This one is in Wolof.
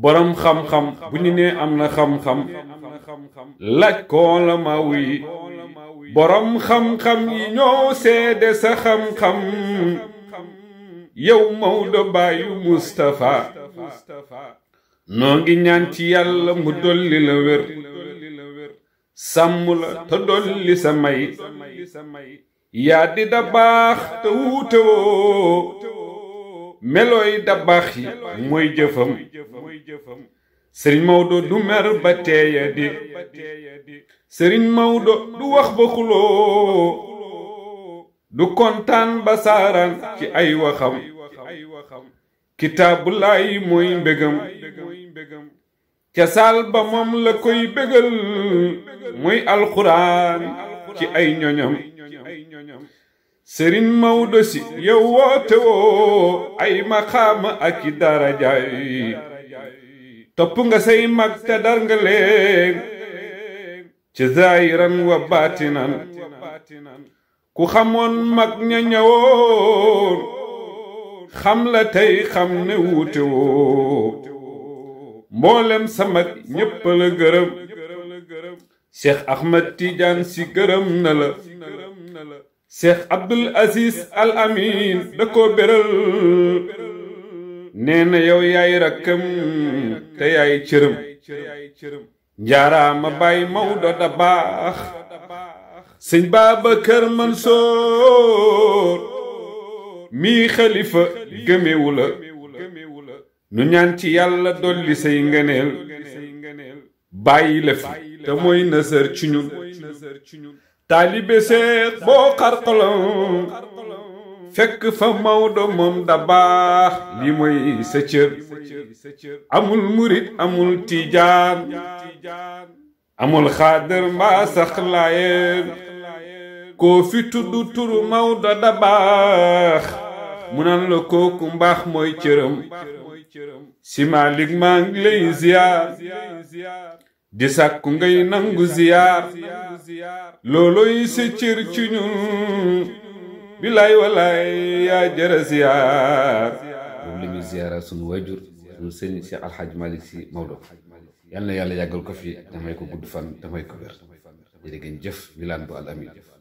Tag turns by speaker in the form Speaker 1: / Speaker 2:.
Speaker 1: boroom xam-xam bu ñu nee am na xam-xam laaj koo la ma wuy boroom xam-xam yi ñoo seede sa xam-xam yow Maodo baayu Mustapha noo ngi ñaan ci yàlla mu dolli la wér sàmm la te dolli sa may yaa da baax te melooy dabbaax yi mooy jëfam sëriñ Maodo du mer ba teeya di sëriñ Maodo du wax ba xuloo du kontaan ba saaraan ci ay waxam kitaabu mooy mbégam ca saal ba moom la koy bégal muy alxuraan ci ay ñoñam sëriñ Maodo si yow woote woo ay maqaama ak i darajaay topp nga say mag te dar nga leen ci zaayiran wa baatinan ku xamoon mag ña ñëwoon xam la tey xam ne wuute woo mboolem sa mag ñépp gërëm Cheikh Ahmed Tidiane si gërëm na la cheikh abdul aziz al amin da koo béral nee na yow yaay rakkam te yaay cërëm njaaraama bàyyi mawdo da baax sëñ baabakar mansoor mii xalifa gëmewu la nu ñaan ci yàlla dolli say ngëneel bàyyi la fi te mooy nësër ci ñun taalibe bo boo fek fekk fa Maodo moom da baax li mooy sa amul murid amul tijaan amul xaadar mbaa sax laayeen koo fi tudd turu Maodo da baax mu naan la kooku mbaax mooy cëram si Maalik maa lay ziyaar di sàkku ngay nangu ziyaar loolooy sa cër ci ñun bilaay walaay yaa jëra ziyaar moom la ñuy ziyaara sunu waajur sunu sëñ si Alxaaj Malik Si Maodo yal na yàlla yàggal ko fi damay ko gudd fan damay ko wér jërë ngeen jëf Wilane bu Al